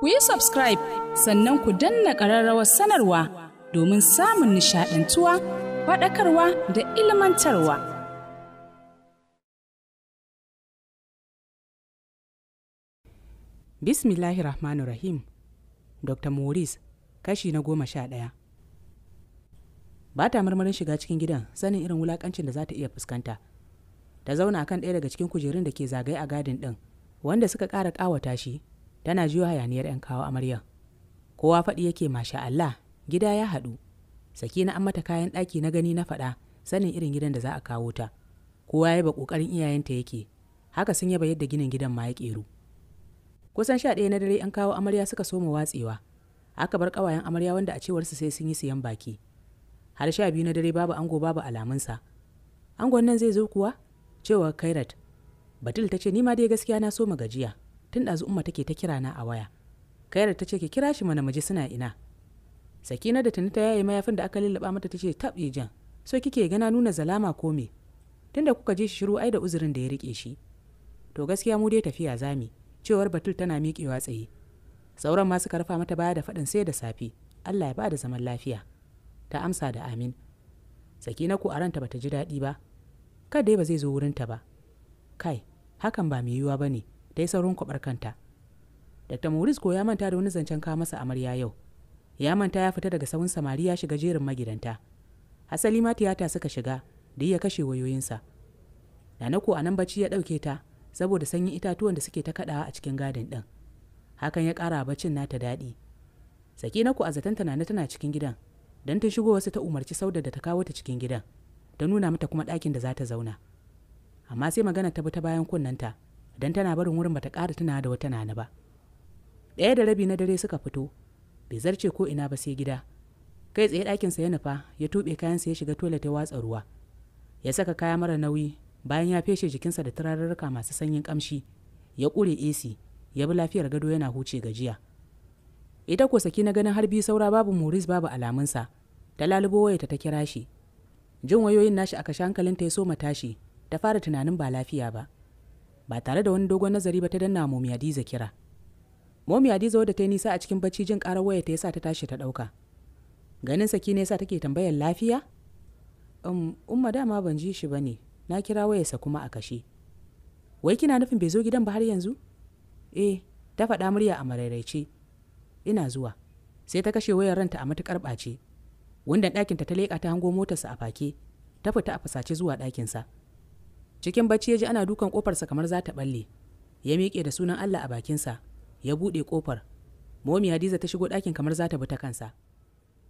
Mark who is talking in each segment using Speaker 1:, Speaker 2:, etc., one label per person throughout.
Speaker 1: ku yi subscribe sannan ku danna ƙararrawar sanarwa domin samun nishaɗantuwa faɗakarwa da ilmantarwa. Bismillahir Rahmanir Rahim Dr. Maurice kashi na goma sha ɗaya. Ba ta marmarin shiga cikin gidan sanin irin wulakancin da za ta iya fuskanta. Ta zauna kan ɗaya daga cikin kujerun da ke zagaye a gadin ɗin, wanda suka ƙara ƙawata shi tana jiwa hayaniyar 'yan kawo amaryar kowa faɗi yake masha Allah gida ya haɗu Saki na mata kayan ɗaki na gani na faɗa sanin irin gidan da za a kawo ta kowa ya ba ƙoƙarin iyayenta yake haka sun yaba yadda ginin gidan ma ya ƙeru kusan sha ɗaya na dare an kawo amarya suka soma watsewa aka bar ƙawayen amarya wanda a cewarsu sai sun yi siyan baki har sha biyu na dare babu ango babu alamunsa angon nan zai zo kuwa cewa kairat batul ta ce ni ma dai gaskiya na soma gajiya tun ɗazu umma take ta kira na a waya kayar ta ce ki kira shi mana maji suna ina sakina da tuni ta yaye mayafin da aka lullaba mata ta ce tab jan so kike gana nuna zalama ko me tunda kuka je shi shiru ai da uzurin da ya rike shi to gaskiya mu dai tafiya zami cewar batul tana miƙewa tsaye sauran ma suka rufa mata baya da faɗin sai da safe allah ya ba da zaman lafiya ta amsa da amin sakina ku a ranta bata ji daɗi ba kada ba zai zo wurinta ba kai hakan ba mai yiwuwa ba ne ta yi saurin kwabar kanta dr maurice ko ya manta da wani zancen kawo masa amarya yau ya manta ya fita daga sawun samari ya shiga jerin magidanta hasali ma tiyata suka shiga da ya kashe wayoyinsa ko a nan bacci ya ɗauke ta saboda sanyin itatuwan da suke ta kaɗawa a cikin gadin ɗin hakan ya ƙara baccin nata daɗi ko a zaton tunani tana cikin gidan don ta shigo wasu ta umarci sauda da ta kawo ta cikin gidan ta nuna mata kuma ɗakin da za ta zauna amma sai magana ta bi ta bayan kunnanta don tana barin wurin bata ƙara tuna da wata nana ba ɗaya da rabi na dare suka fito bai zarce ko ina ba sai gida kai tsaye ɗakinsa ya nufa ya tuɓe kayansa ya shiga toilet ya watsa ruwa ya saka kaya mara nauyi bayan ya feshe jikinsa da turarurruka masu sanyin ƙamshi ya ƙure ac ya bi lafiyar gado yana huce gajiya ita ko saki na ganin har biyu saura babu moris babu alamunsa ta lalubo wayarta ta kira shi jin wayoyin nashi a kashe hankalinta ya so tashi ta fara tunanin ba lafiya ba ba tare da wani dogon nazari ba ta danna momi Adiza kira momi Adiza wadda ta yi nisa a cikin bacci jin karar waya ta yasa ta tashi ta dauka ganin saki ne yasa take tambayar lafiya um, umma dama ban ji shi bane na kira wayarsa kuma a kashe wai kina nufin bai zo gidan ba har yanzu eh ta faɗa murya a marairaice ina zuwa sai ta kashe wayar ranta a matukar ɓace wanda ɗakinta ta leƙa ta hango motarsa a fake ta fita a fasace zuwa ɗakinsa. sa cikin bacci ya ji ana dukan kofarsa kamar za ta balle ya miƙe da sunan Allah a bakinsa ya buɗe kofar momi hadiza ta shigo ɗakin kamar za ta bi ta kansa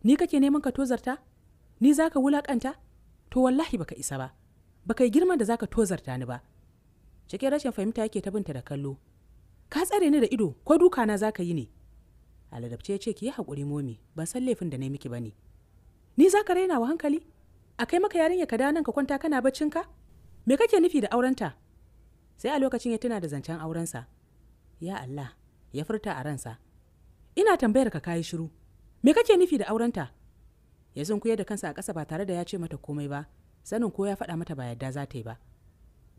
Speaker 1: ni kake neman ka tozarta ni zaka ka wulaƙanta to wallahi baka isa ba baka yi girman da zaka tozarta ni ba cikin rashin fahimta yake ta binta da kallo ka tsare ni da ido ko duka na za yi ne aladabce ya ce ki yi hakuri, momi ban san laifin da na miki ba ne ni zaka raina wa hankali a kai maka yarinya ka nan ka kwanta kana baccinka me kake nufi da aurenta sai a lokacin ya tuna da zancen aurensa ya allah ya furta a ransa ina tambayar ka kayi shiru me kake nufi da aurenta ya zunkuya da kansa a ƙasa ba tare da ya ce mata komai ba sanin ko ya faɗa mata ba yadda za ta yi ba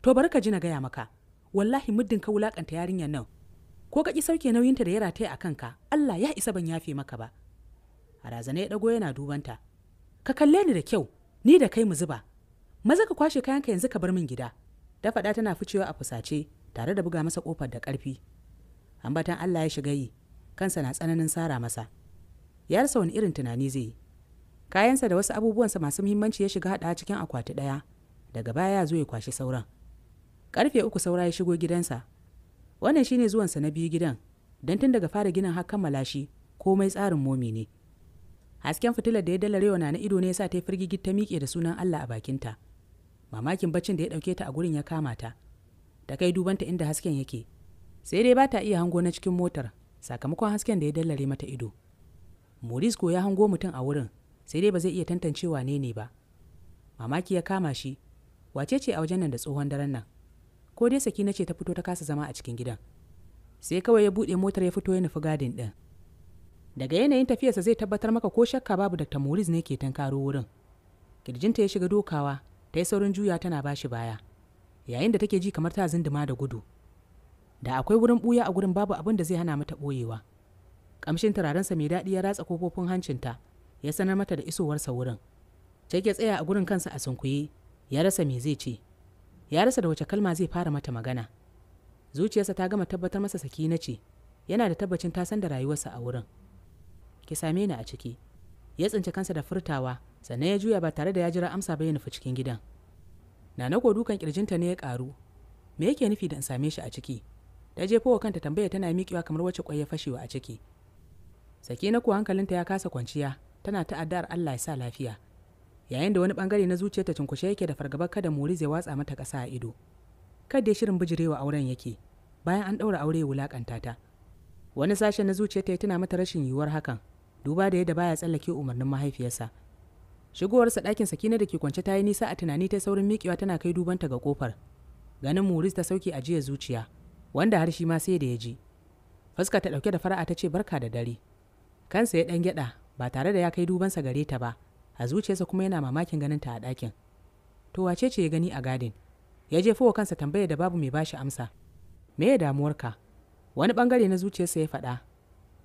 Speaker 1: to bari ka ji na gaya maka wallahi muddin ka wulakanta yarinyar nan ko ka ki sauke nauyinta da ya rataya a kanka allah ya isa ban yafe maka ba a razana ya ɗago yana dubanta ka kalle ni da kyau ni da kai mu zuba maza ka kwashe kayanka yanzu ka bar min gida ta faɗa tana ficewa a fusace tare da buga masa kofar da ƙarfi ambatan allah ya shiga yi kansa na tsananin sara masa ya rasa wani irin tunani zai yi kayansa da wasu abubuwansa masu muhimmanci ya shiga haɗa cikin akwati ɗaya daga baya ya zo ya kwashe sauran ƙarfe uku saura ya shigo gidansa wannan shine zuwansa na biyu gidan don tun daga fara ginin har kammala shi komai tsarin momi ne hasken fitilar da ya dalarewa na ido ne ya sa ta firgigi ta miƙe da sunan allah a bakinta mamakin baccin da ya ɗauke ta a gurin ya kama ta ta kai dubanta inda hasken yake sai dai ba ta iya hango na cikin motar sakamakon hasken da ya dallare mata ido Moris ko ya hango mutum a wurin sai dai ba zai iya tantancewa, ne ne ba mamaki ya kama shi wace ce a wajen nan da tsohon daren nan ko dai Saki na ce ta fito ta kasa zama a cikin gidan sai kawai ya buɗe motar ya fito ya nufi gadin ɗin daga yanayin tafiyarsa zai tabbatar maka ko shakka babu dr Moris ne ke tankaro wurin kirjinta ya shiga dokawa ta yi saurin juya tana bashi baya yayin da take ji kamar ta zinduma da gudu da akwai wurin buya a gurin babu abin da zai hana mata boyewa kamshin sa mai daɗi ya ratsa kofofin hancinta ya sanar mata da isowarsa wurin Jake ya tsaya a gurin kansa a sunkuye ya rasa me zai ce ya rasa da wace kalma zai fara mata magana zuciyarsa ta gama tabbatar masa sakina ce yana da tabbacin ta san da rayuwarsa a wurin ki same ni a ciki ya tsinci kansa da furtawa sannan ya juya ba tare da ya jira amsa ba ya nufi cikin gidan nana ko dukan kirjinta ne ya karu me yake nufi da in same shi a ciki ta jefo wa kanta tambaya tana miƙewa kamar wacce kwai ya fashewa a ciki na ko hankalinta ya kasa kwanciya tana ta addar Allah ya sa lafiya yayin da wani bangare na zuciyarta cinkushe yake da fargabar kada mori zai watsa mata ƙasa a ido kada ya shirin bijirewa auren yake bayan an ɗaura aure wulaƙanta ta wani sashen na zuciyarta ya tuna mata rashin yiwuwar hakan duba da yadda baya tsallake umarnin mahaifiyarsa shigowarsa ɗakin sakina da ke kwance ta yi nisa a tunani ta saurin miƙewa tana kai dubanta ga kofar ganin muris ta sauke ajiya zuciya wanda har shi ma sai da ya ji fuska ta ɗauke da fara'a ta ce barka da dare kansa ya ɗan gyaɗa ba tare da ya kai dubansa gare ta ba a zuciyarsa kuma yana mamakin ganin ta a ɗakin to wace ce ya gani a gadin ya je wa kansa tambaya da babu mai bashi amsa me ya ka? wani bangare na zuciyarsa ya faɗa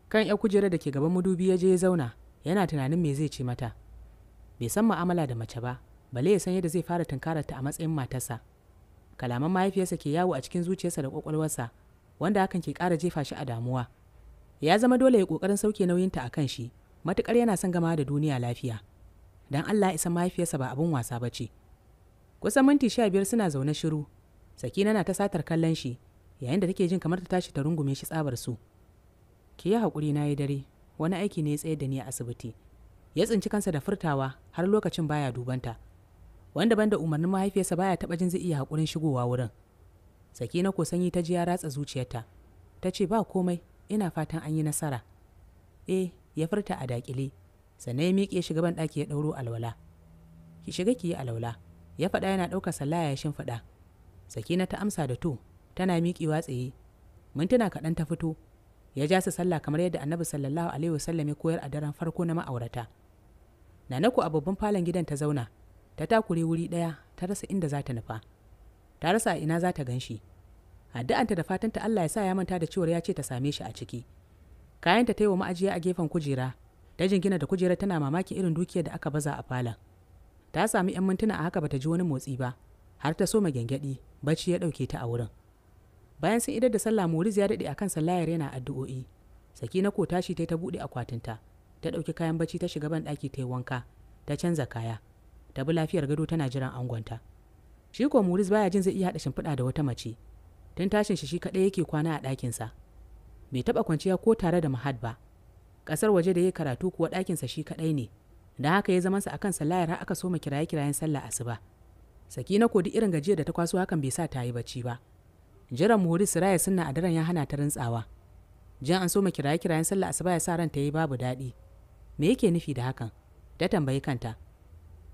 Speaker 1: kan ya kujerar da ke gaban madubi ya je ya zauna yana tunanin me zai ce mata bai san ma'amala da mace ba bale ya san yadda zai fara tunkararta ta a matsayin matarsa kalaman mahaifiyarsa ke yawo a cikin zuciyarsa da kwakwalwarsa wanda hakan ke ƙara jefa shi a damuwa ya zama dole ya ƙoƙarin sauke nauyinta a kan shi matuƙar yana son gama da duniya lafiya don allah isan mahaifiyarsa ba abin wasa ba ce kusan minti sha biyar suna zaune shiru sakina na ta satar kallon shi yayin da take jin kamar ta tashi ta rungume shi tsabar su ki yi haƙuri na yi dare wani aiki ne ya tsayar da ni a asibiti ya tsinci kansa da furtawa har lokacin baya dubanta wanda da umarnin mahaifiyarsa baya taɓa jin zai iya haƙurin shigowa wurin sakina ko sanyi ta ji ya ratsa zuciyarta ta ce ba komai ina fatan an yi nasara eh ya furta a dakile sannan ya miƙe shiga ban ɗaki ya ɗauro alwala ki shiga ki yi alwala ya faɗa yana ɗaukar sallaya ya shimfiɗa sakina ta amsa da to tana miƙewa tsaye mintuna kaɗan ta fito ya ja su sallah kamar yadda annabi sallallahu alaihi wasallam ya koyar a daren farko na ma'aurata nanaku a babban falon gidan ta zauna ta takure wuri ɗaya ta rasa inda za ta nufa ta rasa a ina za ta gan shi addu'anta da fatanta Allah ya sa ya manta da cewar ya ce ta same shi a ciki kayanta ta yi wa ma'ajiya a gefen kujera ta jingina da kujera tana mamaki irin dukiyar da aka baza a falon ta sami 'yan mintuna a haka bata ji wani motsi ba har ta so ma gyangyaɗi bacci ya ɗauke ta a wurin bayan sun idar da sallah moriz ya daɗe kan sallayar yana addu'o'i sakina ko tashi ta ta buɗe akwatinta ta ɗauki kayan bacci ta shiga ban ɗaki ta yi wanka ta canza kaya ta bi lafiyar gado tana jiran angonta shi ko moriz baya jin zai iya haɗa shimfiɗa da wata mace tun tashin shi shi kaɗai yake kwana a ɗakinsa bai taɓa kwanciya ko tare da mahad ba ƙasar waje da ya karatu kuwa ɗakinsa shi kaɗai ne da haka ya zamansa akan sallayar har aka soma kiraye-kirayen sallah asuba sakina ko duk irin gajiyar da ta kwaso hakan bai sa ta yi bacci ba jiran muhuri siraya suna a daren ya hana ta rintsawa jan an so ma kiraye kirayen sallah asuba ya sa ran ta yi babu daɗi me yake nufi da hakan ta tambayi kanta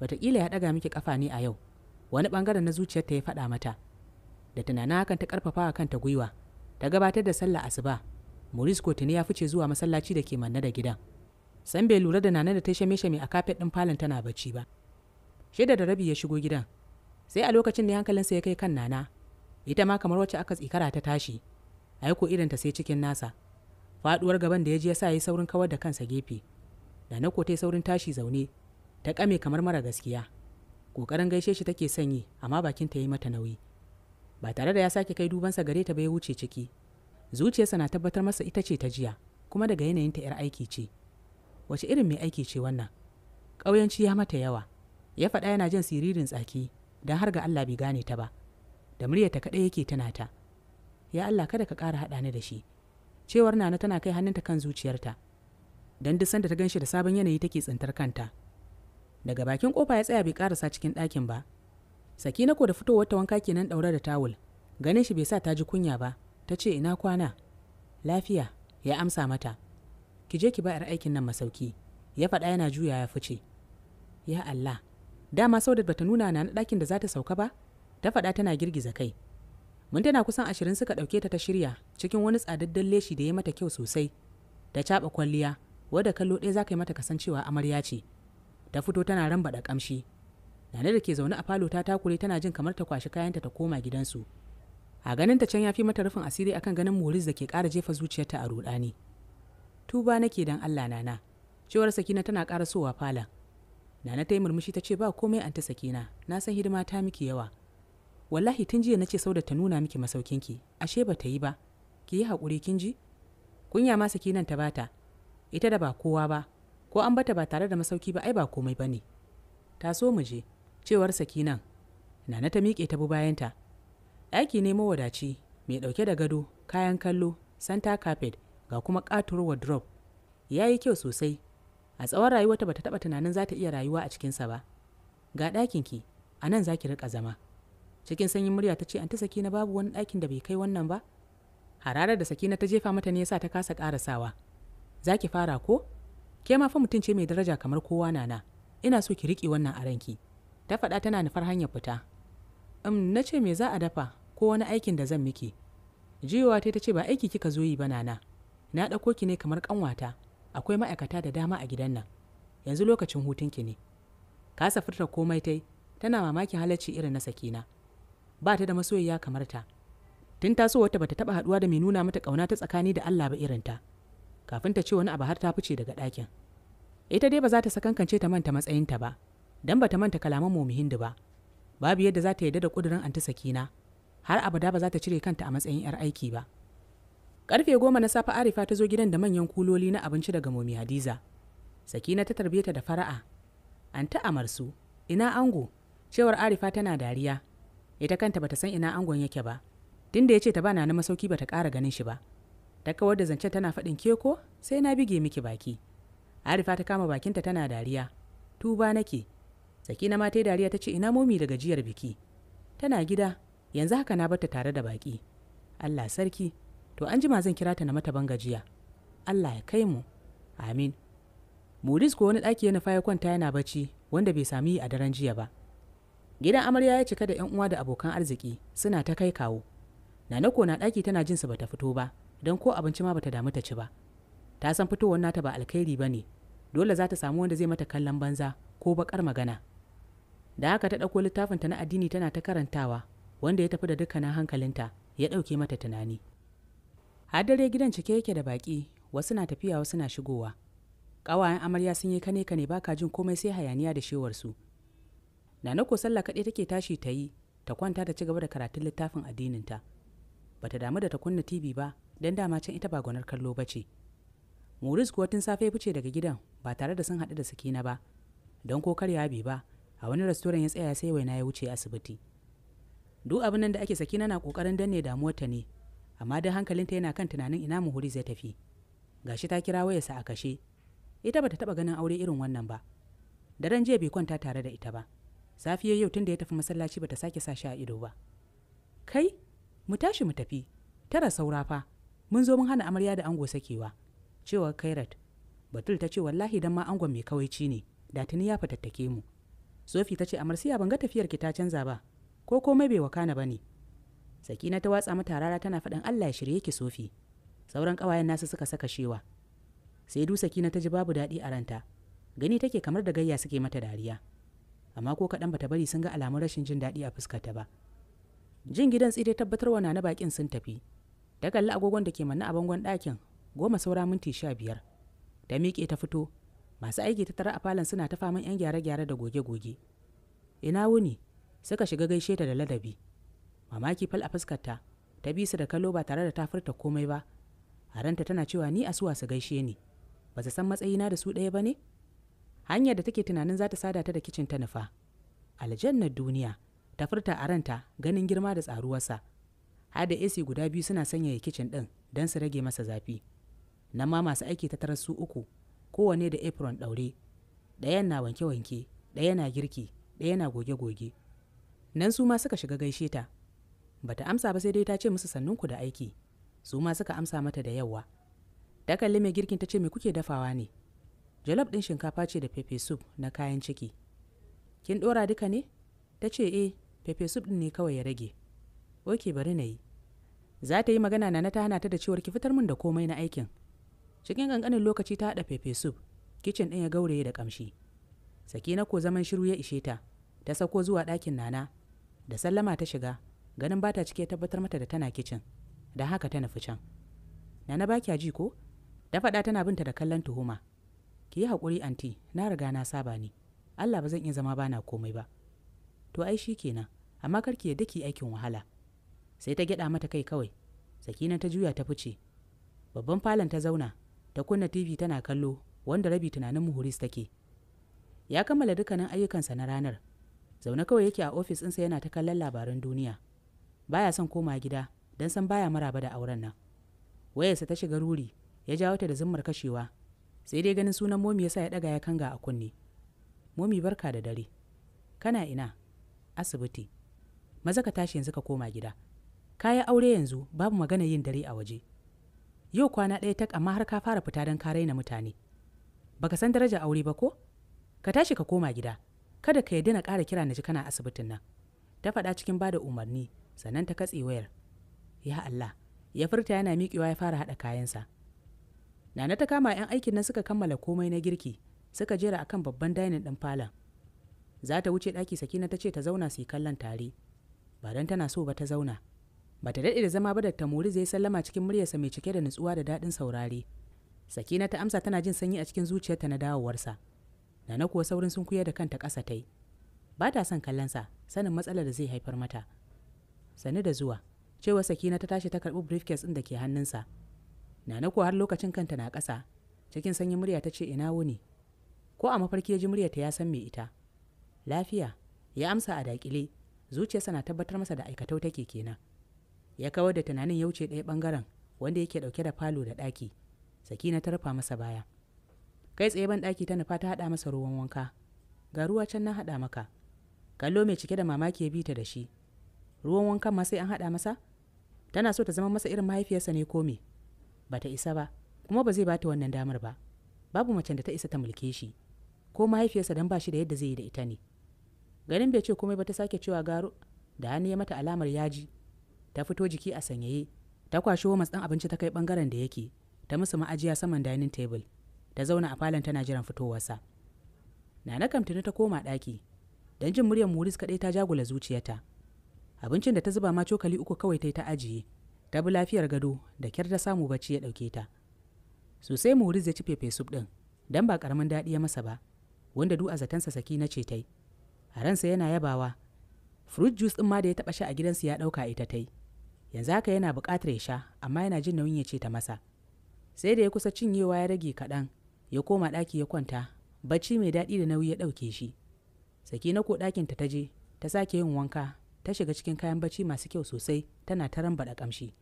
Speaker 1: wataƙila ya ɗaga miki ƙafa ne a yau wani ɓangaren na zuciyarta ya faɗa mata da tunanin hakan ta ƙarfafa kanta gwiwa ta gabatar da sallah asuba Moris kotuni ya fice zuwa masallaci da ke manne da gidan san bai lura da nana da ta shame shame a kafet ɗin falon tana bacci ba shida da rabi ya shigo gidan sai a lokacin ne hankalinsa ya kai kan nana ita ma kamar wacce aka tsikara ta tashi a yi ko irinta sai cikin nasa faduwar gaban da ya ji ya sa ya yi saurin kawar da kansa gefe da na kotai saurin tashi zaune ta kame kamar mara gaskiya kokarin gaishe shi take sanyi amma bakin ta yi mata nauyi ba tare da ya sake kai dubansa gare ta ba ya wuce ciki zuciyarsa na tabbatar masa ita ce ta jiya kuma daga yanayin ta 'yar aiki ce wace irin mai aiki ce wannan ƙauyanci ya mata yawa ya faɗa yana jin siririn tsaki don har ga allah bai gane ta ba da ta kaɗai yake tana ta ya Allah kada ka ƙara haɗa ni da shi cewar nana tana kai hannunta kan zuciyarta dan duk sanda ta ganshi da sabon yanayi take tsintar kanta daga bakin kofa ya tsaya bai karasa cikin ɗakin ba Saki na ko da fitowar ta wanka kenan ɗaure da tawul ganin shi bai sa ta ji kunya ba ta ce ina kwana lafiya ya amsa mata ki je ki ba yar aikin nan masauki ya faɗa yana juya ya fice ya Allah dama saudat bata nuna na ɗakin da za ta sauka ba ta faɗa tana girgiza kai tana kusan ashirin suka ɗauke ta ta shirya cikin wani tsadaddan leshi da ya mata kyau sosai ta caɓa kwalliya wadda kallo ɗaya za ka yi mata kasancewa amarya ce ta fito tana da ƙamshi nana da ke zaune a falo ta takure tana jin kamar ta kwashi kayanta ta koma gidansu a ganin ta can ya fi mata rufin asiri akan ganin moris da ke ƙara jefa zuciyarta a ruɗani tuba nake dan allah nana cewar sakina tana ƙara sowa falon nana ta yi murmushi ta ce ba komai an ta sakina na san hidima ta miki yawa wallahi tun jiya nace da ta nuna miki masaukinki ashe ba ta yi ba ki yi haƙuri kin ji kunya ma sakinan ta bata ita da ba kowa ba ko an bata ba tare da masauki ba ai ba komai ba ne. ta so mu je cewar sakinan nana ta miƙe ta bi bayanta ɗaki ne mawadaci mai ɗauke da gado kayan kallo santa carpet ga kuma ƙatuwar wardrobe ya yi kyau sosai a tsawon rayuwarta bata taɓa tunanin za ta iya rayuwa a cikinsa ba ga ɗakinki a nan za ki riƙa zama cikin sanyin murya ta ce an ta sakina babu wani ɗakin da bai kai wannan ba hararar da sakina ta jefa mata ne yasa ta kasa ƙarasawa za ki fara ko ke ma fa mutum ce mai daraja kamar kowa nana ina so ki riƙe wannan a ranki ta faɗa tana nufar hanyar fita um, na ce me za a dafa ko wani aikin da zan miki jiyowa ta ce ba aiki kika zo yi ba nana na ɗauko ki ne kamar ƙanwata akwai ma'aikata da dama a gidan nan yanzu lokacin hutunki ne kasa furta komai tai tana mamakin halacci irin na sakina ba ta da masoyiya kamar ta tun wata bata taba haduwa da mai nuna mata kauna ta tsakani da Allah ba irin ta kafin ta ce wani abu har ta fice daga ɗakin ita dai ba za ta sakankance ta manta matsayin ta ba dan ta manta kalaman momi hindu ba babu yadda za ta yarda da kudirin anti sakina har abada ba za ta cire kanta a matsayin yar aiki ba karfe goma na safe arifa ta zo gidan da manyan kuloli na abinci daga momi hadiza sakina ta tarbe ta da fara'a an ta amarsu ina ango cewar arifa tana dariya ita kanta bata san ina angon yake ba tun da ya ce ta bana na masauki bata ƙara ganin shi ba ta kawar da zancen tana faɗin keko, sai na bige miki baki arifa ta kama bakinta tana dariya tuba nake sakina ma ta dariya ta ce ina momi da gajiyar biki tana gida yanzu haka na bata tare da baki allah sarki to an jima zan kira ta na mata ban gajiya allah ya kai mu amin muris ko wani ɗaki ya nufa ya kwanta yana bacci wanda bai sami a daren jiya ba gidan amarya ya cika da 'yan uwa da abokan arziki suna ta kai kawo nana ko na ɗaki tana jinsu bata fito ba don ko abinci ma bata damu ta ci ba ta san fitowar nata ba alkhairi ba ne dole za ta samu wanda zai mata kallon banza ko baƙar magana da haka ta ɗauko littafinta na addini tana ta karantawa wanda ya tafi da dukkanin hankalinta ya ɗauke mata tunani har dare gidan cike yake da baƙi wasu na tafiya wasu na shigowa ƙawayen amarya sun yi kane kane baka jin komai sai hayaniya da shewarsu su Nana ko sallah kaɗai take tashi ta yi, ta kwanta ta ci gaba da karatun littafin addininta. Ba ta damu da ta kunna TV ba, don dama can ita ba gwanar kallo ba ce. Muris kuwa tun safe fice daga gidan ba tare da sun haɗu da sakina ba, don ko karya bi ba, a wani rastoran ya tsaya sai waina ya wuce asibiti. Duk abin nan da ake sakina na ƙoƙarin danne damuwar ta ne, amma don hankalinta yana kan tunanin ina muhuri zai tafi. Gashi ta kira wayarsa a kashe, ita ba ta taɓa ganin aure irin wannan ba. Daren jiya bai kwanta tare da ita ba. safiyar yau tun da ya tafi masallaci bata sake sa shi a ido ba kai mu tashi mu tafi tara saura fa mun zo mun hana amarya da ango sakewa cewa kairat batul ta ce wallahi dan ma angon mai kawaici ne da tuni ya fatattake mu sofi ta ce amarsiya ban ga tafiyar ki ta canza ba ko komai bai wakana bane sakina ta watsa mata rara tana faɗin allah ya shirye ki sofi sauran ƙawayen nasu suka saka shewa sai du sakina ta ji babu daɗi a ranta gani take kamar da gayya suke mata dariya amma ko kaɗan bata bari sun ga alamun rashin jin daɗi a fuskarta ba jin gidan tsire tabbatarwa na na bakin sun tafi ta kalli agogon da ke manna a bangon ɗakin goma saura minti sha biyar ta miƙe ta fito masu aiki ta tara a falon suna ta faman 'yan gyare-gyare da goge-goge ina wuni suka shiga gaishe ta da ladabi mamaki fal a fuskarta ta bi su da kallo ba tare da ta furta komai ba a ranta tana cewa ni a suwa su gaishe ni ba su san matsayina da su ɗaya ba ne hanyar da take tunanin za ta sada ta da kicin ta nufa aljannar duniya ta furta a ranta ganin girma da tsaruwarsa har da AC guda biyu suna sanyaya kicin ɗin don su rage masa zafi nan ma masu aiki ta tarar su uku Kowanne da apron ɗaure ɗayan na wanke-wanke ɗaya na girki ɗaya na goge-goge nan su ma suka shiga gaishe ta bata amsa ba sai dai ta ce musu sannunku da aiki su ma suka amsa mata da yawa ta kalli mai girkin ta ce me kuke dafawa ne jalof ɗin shinkafa ce da pepe soup na kayan ciki kin ɗora duka ne ta ce e pepe soup ɗin ne kawai ya rage oke bari na yi za ta yi magana na ta hana ta da cewar ki fitar min da komai na aikin cikin ƙanƙanin lokaci ta haɗa pepe soup kicin ɗin ya gauraye da ƙamshi sakina ko zaman shiru ya ishe ta ta sako zuwa dakin nana da sallama ta shiga ganin ba ta cike tabbatar mata da tana kicin da haka ta nufi can nana ba kya ji ko ta faɗa tana binta da kallon tuhuma ki yi hakuri, anti na riga na saba ni allah ba zan iya zama bana komai ba to ai shi kenan amma kar ki yadda ki aikin wahala sai ta gyaɗa mata kai kawai sakina ta juya ta fice babban falon ta zauna ta kunna tv tana kallo wanda rabi tunanin muhuris take ya kammala dukkanin ayyukansa na ranar zaune kawai yake a ofis ɗinsa yana ta kallon labaran duniya baya son koma gida don san baya maraba da auren nan wayarsa ta shiga ruri ya jawo ta da zummar kashewa sai dai ganin sunan momi sa ya daga ya kanga a kunne momi barka da dare kana ina asibiti maza ka tashi yanzu ka koma gida ka yi aure yanzu babu magana yin dare a waje yau kwana ɗaya tak amma har ka fara fita don ka raina mutane baka san daraja aure ba ko ka tashi ka koma gida kada ka yarda na ƙara kira na ji kana asibitin nan ta faɗa cikin bada umarni sannan ta katse wayar ya Allah ya furta yana miƙewa ya fara haɗa kayansa nana ta kama 'yan aikin nan suka kammala komai na girki suka jera akan babban dainin ɗin falon za ta wuce ɗaki sakina ta ce ta zauna su yi kallon tare ba don tana so ba ta zauna ba ta daɗe da zama ba da tamuri zai sallama cikin muryarsa mai cike da nutsuwa da daɗin saurare sakina ta amsa tana jin sanyi a cikin zuciyarta na dawowarsa nana kuwa saurin sun kuya da kanta ƙasa ta yi ba ta son kallonsa sanin matsalar da zai haifar mata sani da zuwa cewa sakina ta tashi ta karɓi briefcase ɗin da ke hannunsa nana ko har lokacin kanta na ƙasa cikin sanyin murya ta ce ina wuni ko a mafarki ya ji muryarta ya san me ita lafiya ya amsa a dakile zuciyarsa na tabbatar masa da aikatau take kenan ya kawar da tunanin ya wuce ɗaya ɓangaren wanda yake ɗauke da falo da ɗaki sakina ta rufa masa baya kai tsaye ban ɗaki ta nufa ta haɗa masa ruwan wanka ga ruwa can na haɗa maka kallo mai cike da mamaki ya bi ta da shi ruwan wankan ma sai an haɗa masa tana so ta zama masa irin mahaifiyarsa ne ko me ba ta isa ba kuma ba zai bata wannan damar ba babu macen da ta isa ta mulke shi ko mahaifiyarsa don ba shi da yadda zai yi da ita ne Ganin bai ce komai ba ta sake cewa garo da hannu ya mata alamar yaji ta fito jiki a sanyaye ta kwashi wa matsan abinci ta kai bangaren da yake ta musu ma'ajiya saman dining table ta zauna a falon tana jiran fitowarsa nana kam ta koma ɗaki don jin muryar muris kaɗai ta jagula zuciyarta abincin da ta zuba ma cokali uku kawai ta yi ta ajiye ta bi lafiyar gado da kyar ta samu bacci ya ɗauke ta sosai muhuriz ya ci fefe sup ɗin don ba ƙaramin daɗi ya masa ba wanda du a zatansa saki na ce tai a ransa yana yabawa fruit juice ɗin ma da ya taɓa sha a gidansu ya ɗauka ita ta yi. yanzu haka yana buƙatar ya sha amma yana jin nauyin ya ce ta masa sai da ya kusa cinyewa ya rage kaɗan ya koma ɗaki ya kwanta bacci mai daɗi da nauyi ya ɗauke shi sakina ko ɗakinta ta je ta sake yin wanka ta shiga cikin kayan bacci masu kyau sosai tana ta bada kamshi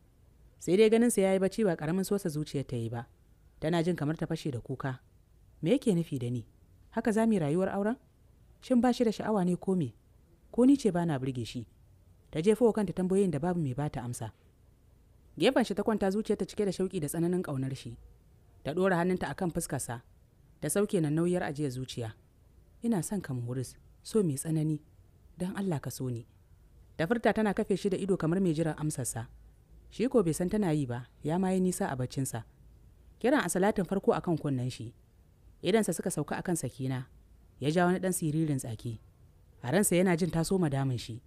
Speaker 1: sai dai ganin sa yayi bacci ba ƙaramin sosa zuciyar ta yi ba tana jin kamar ta fashe da kuka me yake nufi da ni haka za rayuwar auren shin ba shi da sha'awa ne ko me ko ni ce ba na burge shi ta jefo wa kanta tambayoyin da babu mai bata amsa gefen shi ta kwanta zuciyarta cike da shauki da tsananin ƙaunar shi ta ɗora hannunta akan fuskarsa ta sauke na nauyar ajiyar zuciya ina son ka muris so mai tsanani don allah ka so ni da furta tana kafe shi da ido kamar mai jiran amsarsa shi ko bai san tana yi ba ya ma yi nisa a baccinsa kiran asalatin farko akan kunnen shi idansa suka sauka akan sakina ya ja wani dan siririn tsaki a ransa yana jin taso madamin shi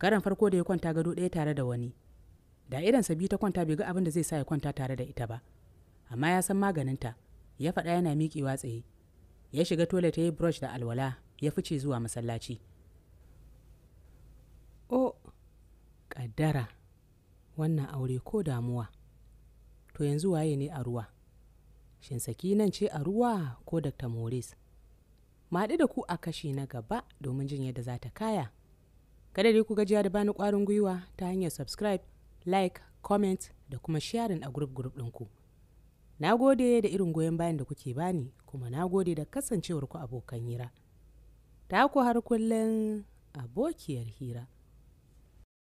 Speaker 1: karan farko da ya kwanta gado ɗaya tare da wani da idansa biyu ta kwanta bai ga abin da zai sa ya kwanta tare da ita ba amma ya san maganinta ya faɗa yana miƙewa tsaye ya shiga tole ya yi brush da alwala ya fice zuwa masallaci. o ƙaddara wannan aure ko damuwa to yanzu waye ne a ruwa shin saki nan ce a ruwa ko dr morris maɗi da ku a kashi na gaba domin jin yadda za ta kaya kada dai ku gajiya da bani ƙwarin gwiwa ta hanyar subscribe like comment da kuma sharing a group group ɗinku na gode da irin goyon bayan da kuke bani kuma na gode da kasancewar kasancewarku abokan hira ta ku har kullum abokiyar hira